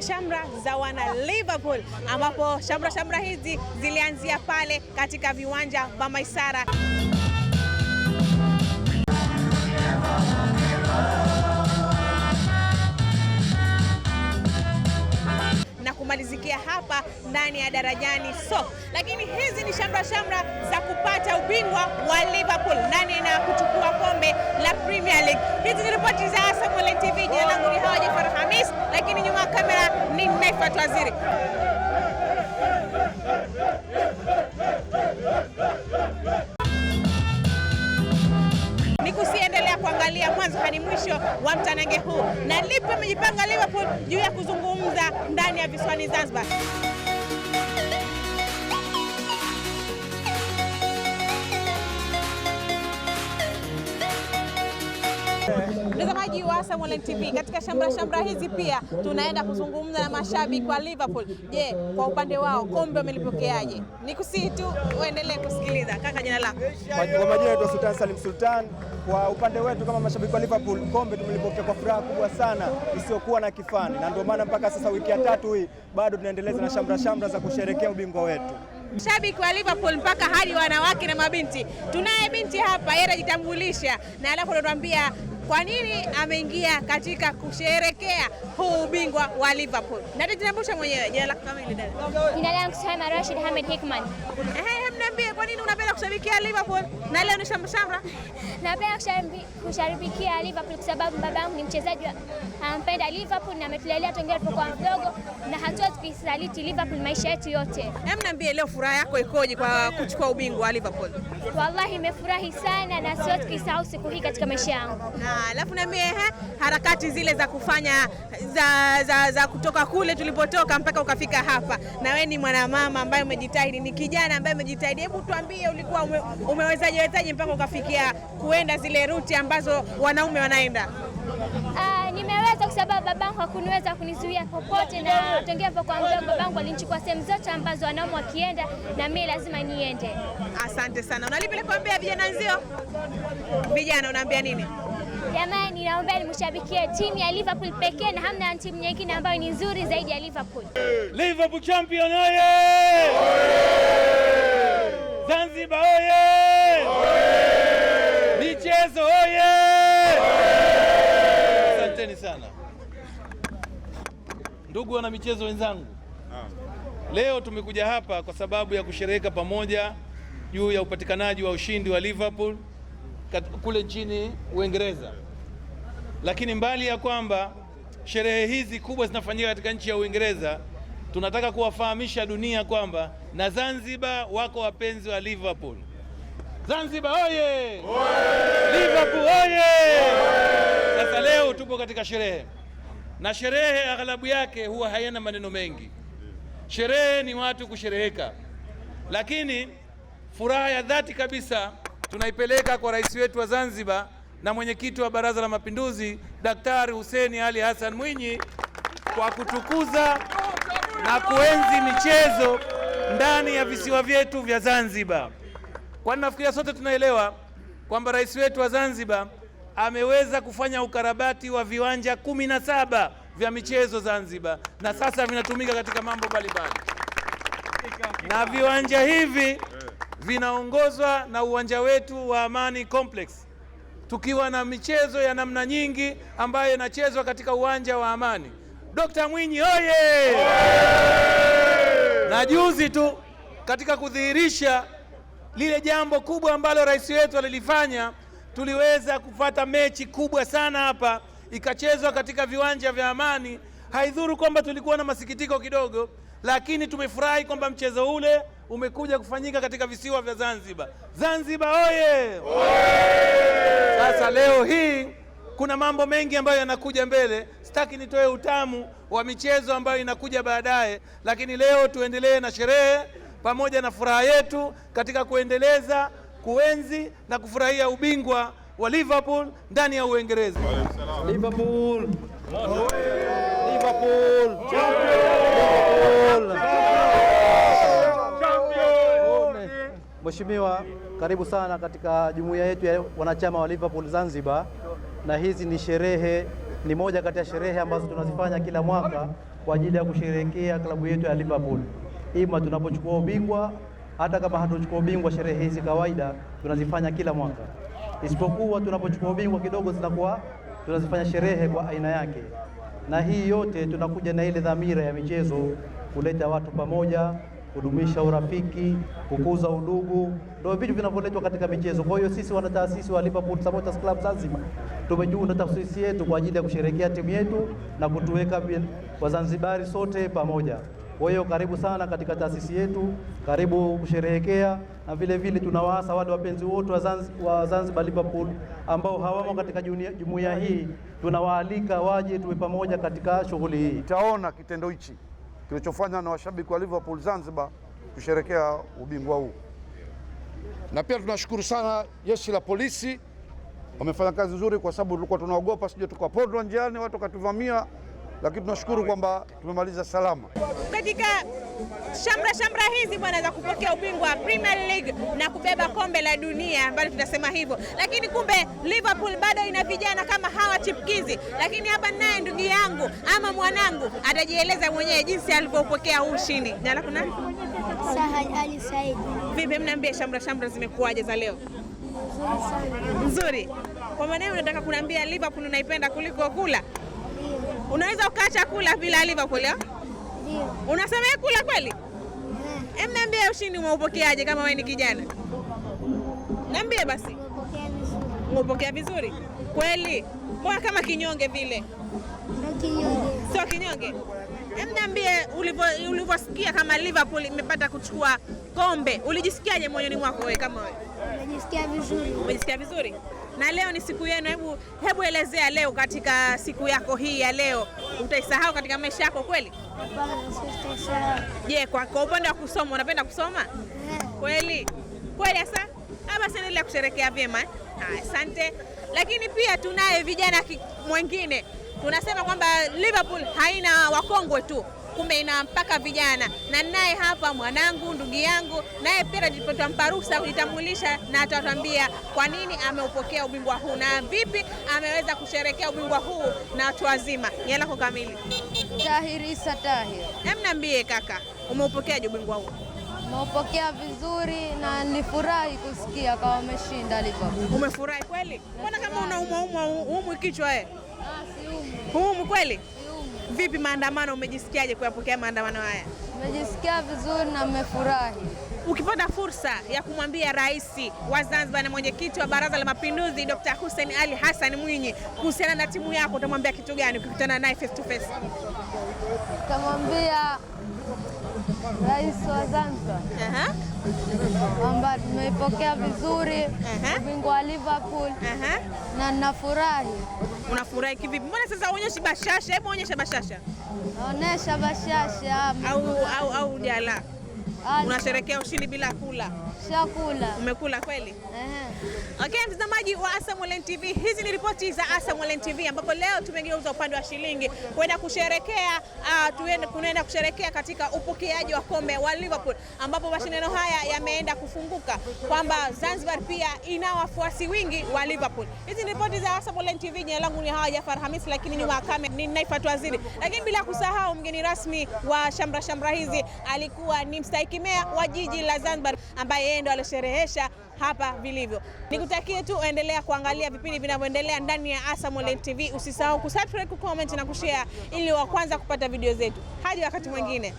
shamra shamra za wana Liverpool, ambapo shamra shamra hizi zilianzia pale katika viwanja vya Maisara. kumalizikia hapa ndani ya Darajani so, lakini hizi ni shamra shamra za kupata ubingwa wa Liverpool nani na kuchukua kombe la Premier League. Hizi ni ripoti za kwa Waziri. Nikusiendelea kuangalia mwanzo hadi mwisho wa mtanange huu, na lipi amejipanga Liverpool juu ya kuzungumza ndani ya visiwani Zanzibar. Mtazamaji wa ASAM Online TV, katika shamra shamra hizi pia tunaenda kuzungumza na mashabiki wa Liverpool. Je, kwa upande wao kombe wamelipokeaje? Nikusihi tu uendelee kusikiliza. Kaka, jina lako? Kwa majina yetu Sultan Salim Sultan. Kwa upande wetu kama mashabiki wa Liverpool, kombe tumelipokea kwa furaha kubwa sana isiyokuwa na kifani, na ndio maana mpaka sasa wiki ya tatu hii bado tunaendeleza na shamra shamra za kusherekea ubingwa wetu Mashabiki wa Liverpool mpaka hadi wanawake na mabinti. Tunaye binti hapa, yeye anajitambulisha na alafu anatuambia kwa nini ameingia katika kusherekea huu ubingwa wa Liverpool. Na tutambulisha mwenyewe jina lako kamili dada. Jina langu Rashid Hamed Hikman niambie kwa nini unapenda kushabikia Liverpool na leo ni shamrashamra? Napenda kushabikia Liverpool kwa sababu baba yangu ni mchezaji anampenda Liverpool na ametulelea tangia tulipokuwa mdogo na hatuwezi kuisaliti Liverpool maisha yetu yote. Hem, niambie leo furaha yako ikoje kwa kuchukua ubingwa wa Liverpool? Wallahi nimefurahi sana na siwezi kuisahau siku hii katika maisha yangu. Na alafu niambie ha, eh, harakati zile za kufanya za, za, za kutoka kule tulipotoka mpaka ukafika hapa, na wewe ni mwanamama ambaye umejitahidi, ni kijana ambaye umejitahidi hebu tuambie, ulikuwa ume, umewezaje wezaje mpaka ukafikia kuenda zile ruti ambazo wanaume wanaenda? Uh, nimeweza kwa sababu babangu hakuniweza kunizuia popote, na tongea hapo kwa mdogo, babangu alinichukua sehemu zote ambazo wanaume wakienda na mimi lazima niende. Asante sana. Una lipi la kuambia vijana wenzio? Vijana unaambia nini? Jamani, naomba nimshabikie timu ya Liverpool pekee na hamna timu nyingine ambayo ni nzuri zaidi ya Liverpool. Liverpool champion oye! Zanzibar oye! Michezo oye! Asanteni sana ndugu wana michezo wenzangu. Leo tumekuja hapa kwa sababu ya kushereheka pamoja juu ya upatikanaji wa ushindi wa Liverpool kule nchini Uingereza. Lakini mbali ya kwamba sherehe hizi kubwa zinafanyika katika nchi ya Uingereza tunataka kuwafahamisha dunia kwamba na Zanzibar wako wapenzi wa Liverpool. Zanzibar oye! Liverpool oye! Sasa leo tupo katika sherehe, na sherehe aghalabu yake huwa hayana maneno mengi. Sherehe ni watu kushereheka, lakini furaha ya dhati kabisa tunaipeleka kwa rais wetu wa Zanzibar na mwenyekiti wa Baraza la Mapinduzi Daktari Hussein Ali Hassan Mwinyi kwa kutukuza na kuenzi michezo ndani ya visiwa vyetu vya Zanzibar, kwani nafikiria sote tunaelewa kwamba rais wetu wa Zanzibar ameweza kufanya ukarabati wa viwanja kumi na saba vya michezo Zanzibar, na sasa vinatumika katika mambo mbalimbali, na viwanja hivi vinaongozwa na uwanja wetu wa Amani Complex, tukiwa na michezo ya namna nyingi ambayo inachezwa katika uwanja wa Amani. Dokta Mwinyi oye! Na juzi tu katika kudhihirisha lile jambo kubwa ambalo rais wetu alilifanya, tuliweza kupata mechi kubwa sana hapa, ikachezwa katika viwanja vya Amani. Haidhuru kwamba tulikuwa na masikitiko kidogo, lakini tumefurahi kwamba mchezo ule umekuja kufanyika katika visiwa vya Zanzibar. Zanzibar oye! Sasa leo hii kuna mambo mengi ambayo yanakuja mbele sitaki nitoe utamu wa michezo ambayo inakuja baadaye, lakini leo tuendelee na sherehe pamoja na furaha yetu katika kuendeleza kuenzi na kufurahia ubingwa wa Liverpool ndani ya Uingereza. Liverpool Liverpool Mheshimiwa, karibu sana katika jumuiya yetu ya wanachama wa Liverpool Zanzibar, na hizi ni sherehe ni moja kati ya sherehe ambazo tunazifanya kila mwaka kwa ajili ya kusherehekea klabu yetu ya Liverpool. Ima tunapochukua ubingwa, hata kama hatuchukua ubingwa, sherehe hizi kawaida tunazifanya kila mwaka, isipokuwa tunapochukua ubingwa kidogo zinakuwa tunazifanya sherehe kwa aina yake, na hii yote tunakuja na ile dhamira ya michezo kuleta watu pamoja kudumisha urafiki, kukuza udugu, ndio vitu vinavyoletwa katika michezo. Kwa hiyo sisi wanataasisi wa Liverpool Supporters Club Zanzibar tumejiunda taasisi yetu kwa ajili ya kusherehekea timu yetu na kutuweka Wazanzibari sote pamoja. Kwa hiyo karibu sana katika taasisi yetu, karibu kusherehekea, na vile vile tunawaasa wale wapenzi wote wa Zanzibar, wa Zanzibar Liverpool ambao hawamo katika jumuiya hii, tunawaalika waje tuwe pamoja katika shughuli hii. Utaona kitendo hichi kilichofanya na washabiki wa Liverpool Zanzibar kusherekea ubingwa huu. Na pia tunashukuru sana jeshi la polisi, wamefanya kazi nzuri, kwa sababu tulikuwa tunaogopa sije tukapondwa njiani, watu wakatuvamia lakini tunashukuru kwamba tumemaliza salama katika shamra shamra hizi bwana za kupokea ubingwa wa Premier League na kubeba kombe la dunia ambalo tunasema hivyo, lakini kumbe Liverpool bado ina vijana kama hawa chipkizi. Lakini hapa naye ndugu yangu ama mwanangu atajieleza mwenyewe jinsi alivyopokea huu ushindi. Jina lako nani? Sahad Ali Said. Vipi, mnaambia shamra shamra zimekuwaje za leo? Nzuri. Kwa maana unataka kuniambia Liverpool unaipenda kuliko kula Unaweza ukaa chakula vile alivyokulia? Ndio. Unasema yeye kula kweli? Eh. Em, niambie ushindi umeupokeaje kama wewe ni kijana? Niambie basi. Umepokea vizuri kweli? Mbona kama kinyonge vile? Sio kinyonge. Hem, yaani niambie ulivyosikia kama Liverpool imepata kuchukua kombe, ulijisikiaje moyoni mwako wewe kama wewe? Umejisikia vizuri? Umejisikia vizuri. Na leo ni siku yenu, hebu hebu elezea leo katika siku yako hii ya leo, utaisahau katika maisha yako kweli? Je, kwa, kwa upande wa kusoma unapenda kusoma? Eh. Kweli kweli hasa. Basi endelea kusherekea vyema. Asante. Lakini pia tunaye vijana mwingine tunasema kwamba Liverpool haina wakongwe tu, kumbe ina mpaka vijana. Na naye hapa mwanangu, ndugu yangu, naye pia tutampa ruhusa kujitambulisha na atatwambia kwa nini ameupokea ubingwa huu na vipi ameweza kusherekea ubingwa huu na watu wazima. Yalako kamili. Tahir Isa Tahir, emnaambie kaka, umeupokeaje ubingwa huu? Maupokea vizuri na nilifurahi kusikia kama wameshinda Liverpool. Umefurahi kweli? Mbona kama unaumwa umwa umwi kichwa eh? Ah, si kweli? Vipi maandamano, umejisikiaje kuyapokea maandamano haya? Nimejisikia vizuri na nimefurahi. Ukipata fursa ya kumwambia Rais wa Zanzibar na mwenyekiti wa Baraza la Mapinduzi Dr. Hussein Ali Hassan Mwinyi kuhusiana na timu yako utamwambia kitu gani ukikutana naye face to face? Utamwambia Rais wa Zanzibar ambayo tumeipokea vizuri ubingwa wa Liverpool na nafurahi. Unafurahi kivipi? Mbona sasa uonyeshi bashasha? Hebu onyesha bashasha, naonyesha bashasha au, au, au Unasherekea ushindi bila kula. Shakula. Umekula kweli? Ehe. Okay, mtazamaji wa Asam Online TV, hizi ni ripoti za Asam Online TV ambapo leo tumegeuza upande wa shilingi kwenda kusherekea uh, ah, kunaenda kusherekea katika upokeaji wa kombe wa Liverpool ambapo mashindano haya yameenda kufunguka kwamba Zanzibar pia ina wafuasi wingi wa Liverpool. Hizi ni ripoti za Asam Online TV. Jina langu ni Hawa Jafar Hamis, lakini nyuma ya ni Naifat Waziri. Lakini bila kusahau mgeni rasmi wa shamra shamra hizi alikuwa ni mstahiki kimea wa jiji la Zanzibar ambaye yeye ndo alisherehesha hapa vilivyo. Nikutakie tu endelea kuangalia vipindi vinavyoendelea ndani ya Asam Online TV. Usisahau kusubscribe, kucomment na kushare ili wa kwanza kupata video zetu. Hadi wakati mwingine.